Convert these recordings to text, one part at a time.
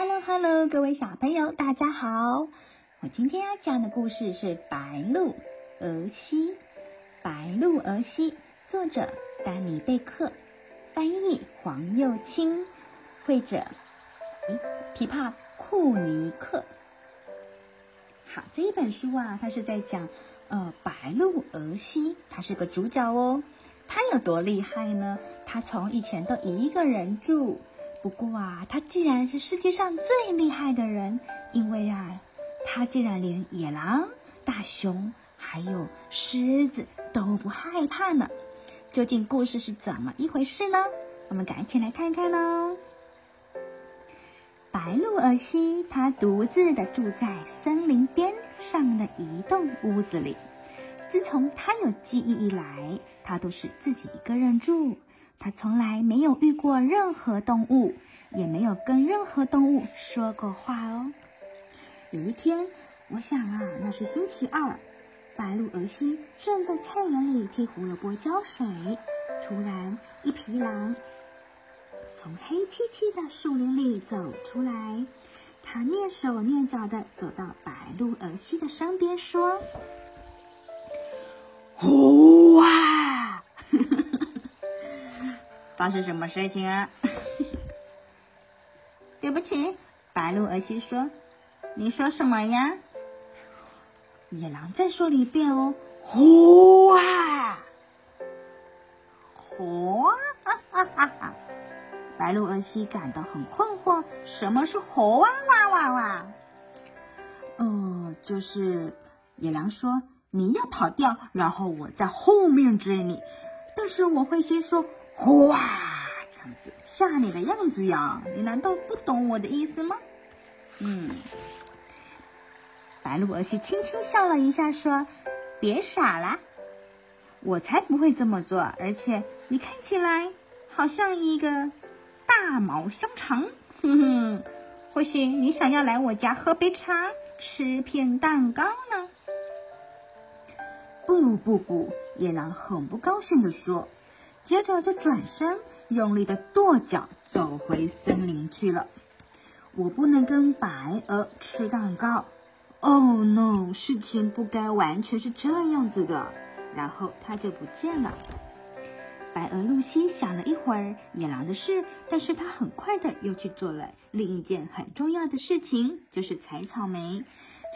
Hello，Hello，hello, 各位小朋友，大家好！我今天要講的故事是《白鵝露西》，《白鵝露西》作者丹尼貝克，翻譯黃又青，繪者誒，皮帕庫尼克。好，這一本書啊，它是在講呃白鵝露西，它是個主角哦。它有多厲害呢？它從以前都一個人住。不過啊，他竟然是世界上最厲害的人，因為啊，他竟然連野狼、大熊還有獅子都不害怕呢。究竟故事是怎麼一回事呢？我們趕緊來看看呢。白鵝露西，她獨自的住在森林邊上的一棟屋子裡。自從她有記憶以來，她都是自己一個人住。他從來沒有遇過任何動物，也沒有跟任何動物說過話哦。有一天，我想啊，那是星期二，白鵝露西正在菜園裡替胡蘿蔔澆水，突然，一匹狼從黑漆漆的樹林裡走出來，他躡手躡腳的走到白鵝露西的身邊，說：“嗚、哦、哇！”發生什麼事情啊？ 對不起，白鵝露西說：“你說什麼呀？”野狼再說了一遍：“哦，吼啊，吼、啊！”哈哈哈！白鵝露西感到很困惑：“什麼是吼啊？哇哇哇？”嗯、呃，就是野狼說：“你要跑掉，然後我在後面追你，但是我會先說。”哇，強子嚇你的樣子呀！你難道不懂我的意思嗎？嗯，白鵝露西輕輕笑了一下，說：“別傻了，我才不會這麼做。而且你看起來好像一個大毛香腸，哼哼。或許你想要來我家喝杯茶，吃片蛋糕呢？”不不不，野狼很不高興的說。接着就轉身，用力的跺腳，走回森林去了。我不能跟白鵝吃蛋糕。Oh no！事情不該完全是這樣子的。然後他就不見了。白鵝露西想了一會兒野狼的事，但是她很快的又去做了另一件很重要的事情，就是採草莓。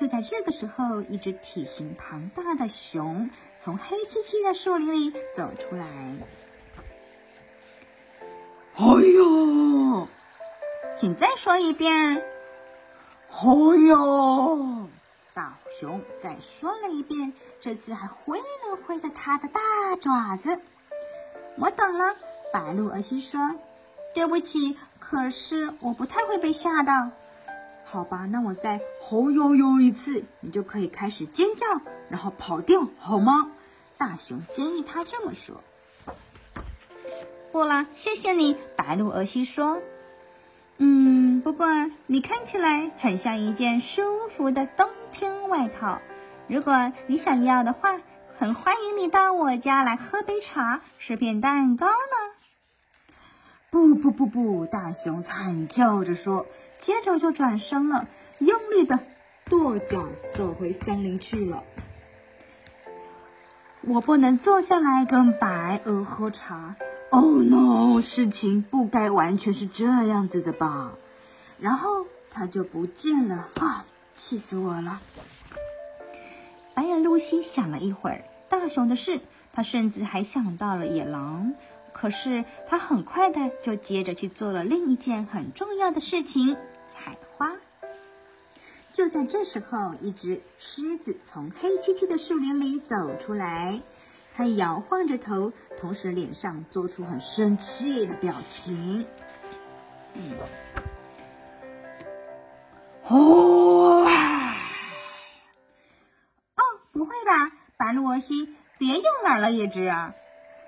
就在這個時候，一隻體型龐大的熊從黑漆漆的樹林裡走出來。哎呦，請再說一遍！哎呦，大熊再說了一遍，這次還揮了揮了他的大爪子。我懂了，白鵝露西說：“對不起，可是我不太會被嚇到。”好吧，那我再吼呦呦一次，你就可以開始尖叫，然後跑掉，好嗎？大熊建議他這麼說。不了，謝謝你，白鵝露西說。嗯，不過你看起來很像一件舒服的冬天外套。如果你想要的話，很歡迎你到我家來喝杯茶，吃片蛋糕呢。不不不不！大熊慘叫着說，接着就轉身了，用力的跺腳，走回森林去了。我不能坐下來跟白鵝喝茶。Oh no！事情不該完全是這樣子的吧？然後他就不見了啊！氣死我了！白鵝露西想了一會兒，大熊的事，她甚至還想到了野狼。可是她很快的就接着去做了另一件很重要的事情——採花。就在這時候，一只獅子從黑漆漆的樹林裡走出來。他搖晃着頭，同時臉上做出很生氣的表情。嗯、哦，哦，不會吧，白鵝露西，別又來了一隻啊！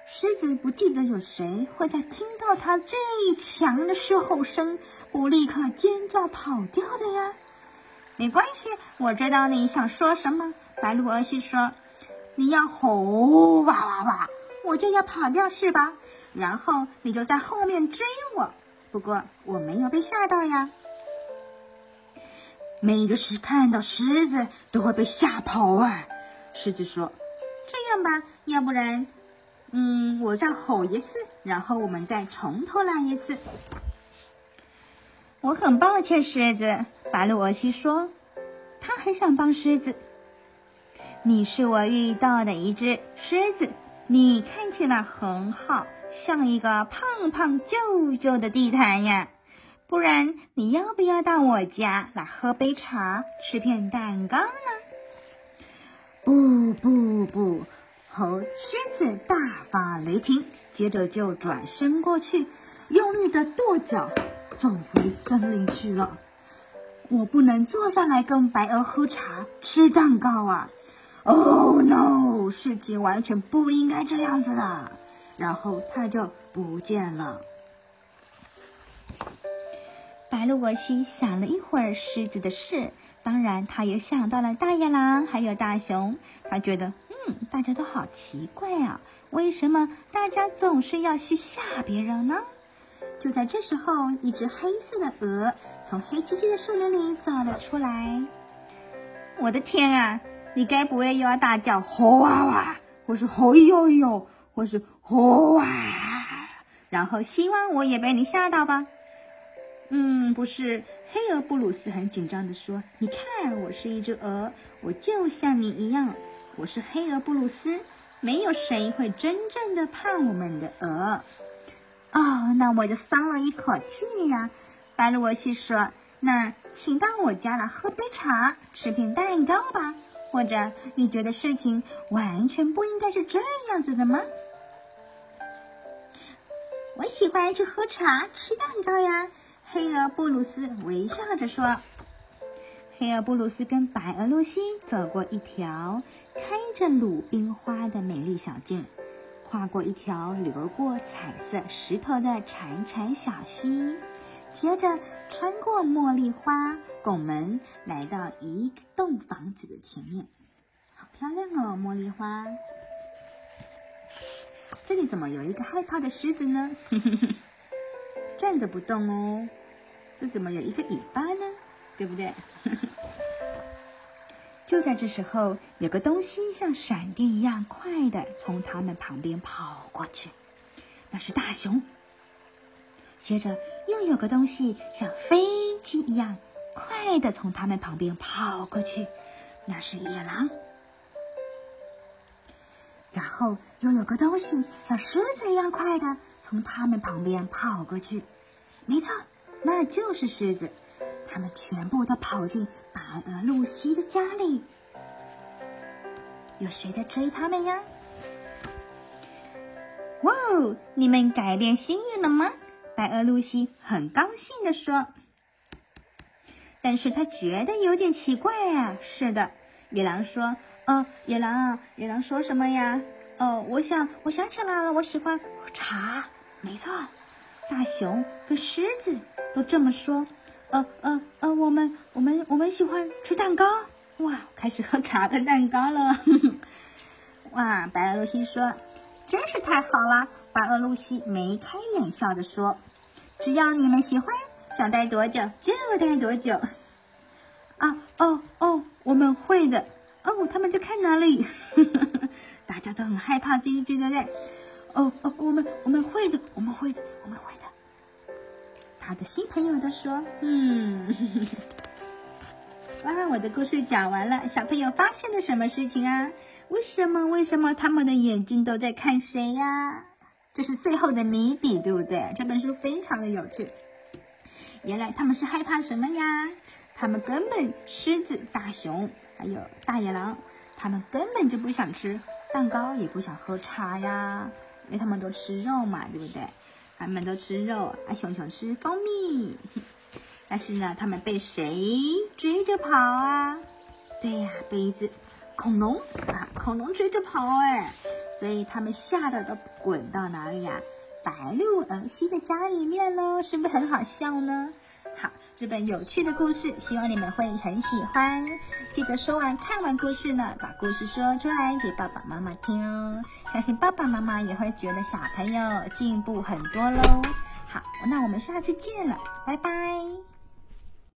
獅子不記得有誰會在聽到它最強的獅吼聲不立刻尖叫跑掉的呀？沒關係，我知道你想說什麼，白鵝露西說。你要吼哇哇哇，我就要跑掉是吧？然後你就在後面追我。不過我沒有被嚇到呀。每個獅看到獅子都會被嚇跑啊。獅子說：“這樣吧，要不然，嗯，我再吼一次，然後我們再從頭來一次。”我很抱歉，獅子。白鵝露西說：“他很想幫獅子。”你是我遇到的一隻獅子，你看起來很好，像一個胖胖舊舊的地毯呀。不然你要不要到我家來喝杯茶，吃片蛋糕呢？不不不！吼！獅子大發雷霆，接着就轉身過去，用力的跺腳，走回森林去了。我不能坐下來跟白鵝喝茶吃蛋糕啊。Oh no！事情完全不應該這樣子的。然後他就不見了。白鵝露西想了一會兒獅子的事，當然他也想到了大野狼還有大熊。他覺得，嗯，大家都好奇怪啊，為什麼大家總是要去嚇別人呢？就在這時候，一隻黑色的鵝從黑漆漆的樹林裡走了出來。我的天啊！你該不會又要大叫“吼哇哇”或是“吼呦呦”或是“吼哇”，然後希望我也被你嚇到吧？嗯，不是。黑鵝布魯斯很緊張的說：“你看，我是一隻鵝，我就像你一樣。我是黑鵝布魯斯，沒有誰會真正的怕我們的鵝。”哦，那我就鬆了一口氣呀、啊。白露西說：“那請到我家來喝杯茶，吃片蛋糕吧。”或者你覺得事情完全不應該是這樣子的嗎？我喜歡去喝茶、吃蛋糕呀。黑鵝布魯斯微笑着說。黑鵝布魯斯跟白鵝露西走過一條開着魯冰花的美麗小徑，跨過一條流過彩色石頭的潺潺小溪，接着穿過茉莉花拱門來到一棟房子的前面，好漂亮哦，茉莉花。這裡怎麼有一個害怕的獅子呢？ 站着不動哦。這怎麼有一個尾巴呢？對不對？ 就在這時候，有個東西像閃電一樣快的從他們旁邊跑過去，那是大熊。接着又有個東西像飛機一樣。快的從他們旁邊跑過去，那是野狼。然後又有個東西像獅子一樣快的從他們旁邊跑過去，沒錯，那就是獅子。他們全部都跑進白鵝露西的家裡。有誰在追他們呀？哇哦！你們改變心意了嗎？白鵝露西很高興地說。但是他覺得有點奇怪呀、啊。是的，野狼說：“哦，野狼、啊，野狼說什麼呀？”哦，我想，我想起來了，我喜歡喝茶。沒錯，大熊跟獅子都這麼說。呃呃呃，我們我們我們喜歡吃蛋糕。哇，開始喝茶和蛋糕了。呵呵哇，白鵝露西說：“真是太好了。”白鵝露西眉開眼笑地說：“只要你們喜歡，想待多久就待多久。多久”啊哦哦，我們會的哦，他們在看哪裡？ 大家都很害怕這一隻，對不對？哦哦，我們我們會的，我們會的，我們會的。他的新朋友都說：“嗯。 ”哇，我的故事講完了，小朋友發現了什麼事情啊？為什麼為什麼他們的眼睛都在看誰呀？這是最後的謎底，對不對？這本書非常的有趣。原來他們是害怕什麼呀？他們根本獅子、大熊，還有大野狼，他們根本就不想吃蛋糕，也不想喝茶呀，因為他們都吃肉嘛，對不對？他們都吃肉，啊，熊熊吃蜂蜜，但是呢，他們被誰追着跑啊？對呀，被一隻恐龍啊，恐龍追着跑哎，所以他們嚇得都滾到哪裡呀？啊？白鵝露西的家裡面呢，是不是很好笑呢？這本有趣的故事，希望你們會很喜歡。記得說完看完故事呢，把故事說出來給爸爸媽媽聽哦。相信爸爸媽媽也會覺得小朋友進步很多嘍。好，那我們下次見了，拜拜。